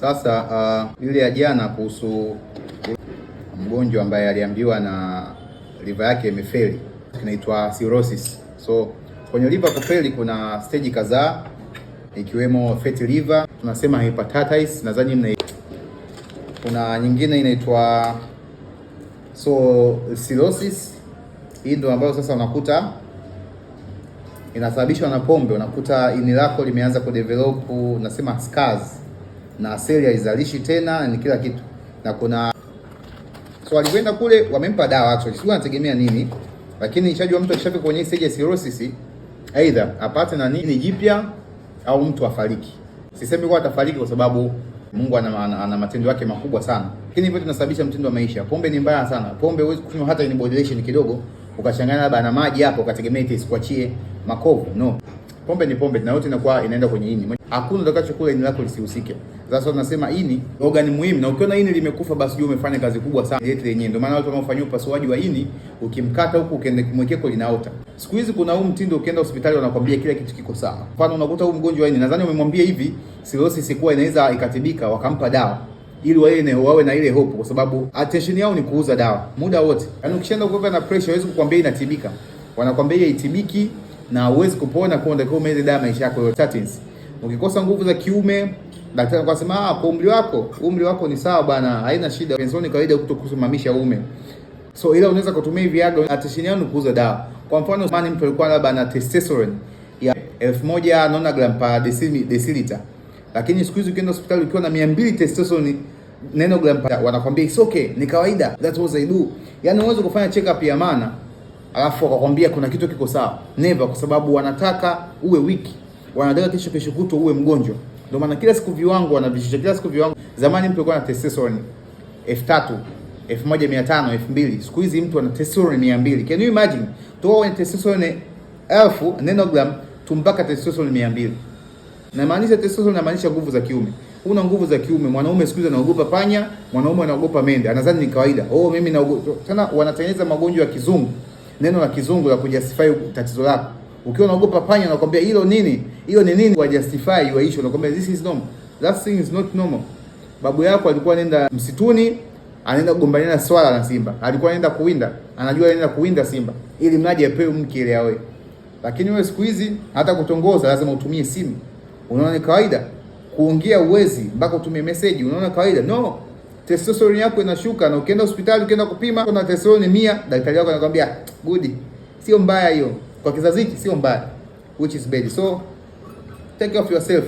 Sasa uh, ile ya jana kuhusu mgonjwa ambaye aliambiwa na liver yake imefeli inaitwa cirrhosis. So kwenye liver kufeli kuna stage kadhaa ikiwemo fatty liver, tunasema hepatitis, nadhani mna kuna nyingine inaitwa so cirrhosis. Hii ndio ambayo sasa unakuta inasababishwa na pombe, unakuta ini lako limeanza kudevelop, unasema scars na seli haizalishi tena ni kila kitu, na kuna so alikwenda kule wamempa dawa actually, sio anategemea nini, lakini nishajua mtu akishafika kwenye stage ya cirrhosis either apate na nini jipya au mtu afariki. Sisemi kwa atafariki kwa sababu Mungu ana, ana ana matendo yake makubwa sana, lakini hivyo tunasababisha mtindo wa maisha. Pombe ni mbaya sana. Pombe huwezi kunywa hata in moderation kidogo, ukachanganya labda na maji hapo, ukategemea itakuachie makovu. No, pombe ni pombe na yote inakuwa inaenda kwenye ini hakuna utakachokula ini lako lisihusike. Sasa tunasema ini organ muhimu, na ukiona ini limekufa, basi jua umefanya kazi kubwa sana ile yenyewe. Ndio maana watu wanaofanyia upasuaji wa ini, ukimkata huku ukiende kumwekea linaota. Siku hizi kuna huu mtindo, ukienda hospitali wanakwambia kila kitu kiko sawa. Mfano unakuta huu mgonjwa ini, nadhani umemwambia hivi cirrhosis kuwa inaweza ikatibika, wakampa dawa ili wawe wawe na ile hope, kwa sababu attention yao ni kuuza dawa muda wote. Yaani ukishaenda kukopa na pressure, hawezi kukwambia inatibika, wanakwambia itibiki na huwezi kupona kwa ndio kwa ile dawa maisha yako yote. Ukikosa nguvu za kiume, daktari akasema ah, kwa umri wako, umri wako ni sawa bwana, haina shida. Penzoni kawaida kutokusimamisha ume. So ila unaweza kutumia Viagra na atashiniano kuuza dawa. Kwa mfano mani, mtu alikuwa labda na testosterone ya 1000 nanogram per deciliter. Lakini siku hizi ukienda hospitali ukiwa na 200 testosterone nanogram wanakwambia it's okay, ni kawaida. That was I do. Yani unaweza kufanya check up ya maana alafu akakwambia kuna kitu kiko sawa. Never, kwa sababu wanataka uwe wiki wanataka kesho kesho kutwa uwe mgonjwa. Ndio maana kila siku viwango wanavishusha, kila siku viwango. Zamani mtu alikuwa na testosterone 3000, 1500, 2000. Siku hizi mtu ana testosterone 200. Can you imagine? Toa wenye testosterone 1000 nanogram tumpaka testosterone 200. Na maanisha testosterone inamaanisha nguvu za kiume. Una nguvu za kiume, mwanaume siku hizi anaogopa panya, mwanaume anaogopa mende. Anadhani ni kawaida. Oh, mimi naogopa. Tena wanatengeneza magonjwa ya kizungu. Neno la kizungu la kujustify tatizo lako. Ukiwa unaogopa panya unakwambia hilo nini? Hiyo ni nini? Kwa justify your issue unakwambia this is normal. That thing is not normal. Babu yako alikuwa anaenda msituni, anaenda kugombania na swala na simba. Alikuwa anaenda kuwinda, anajua anaenda kuwinda simba ili mlaji apewe mke ile awe. Lakini wewe siku hizi hata kutongoza lazima utumie simu. Unaona ni kawaida. Kuongea uwezi mpaka utumie message. Unaona kawaida? No. Testosterone yako inashuka na ukienda hospitali ukienda kupima kuna testosterone 100, daktari wako anakuambia good. Sio mbaya hiyo kwa kizazi hiki sio mbali, which is bad. So take care of yourself.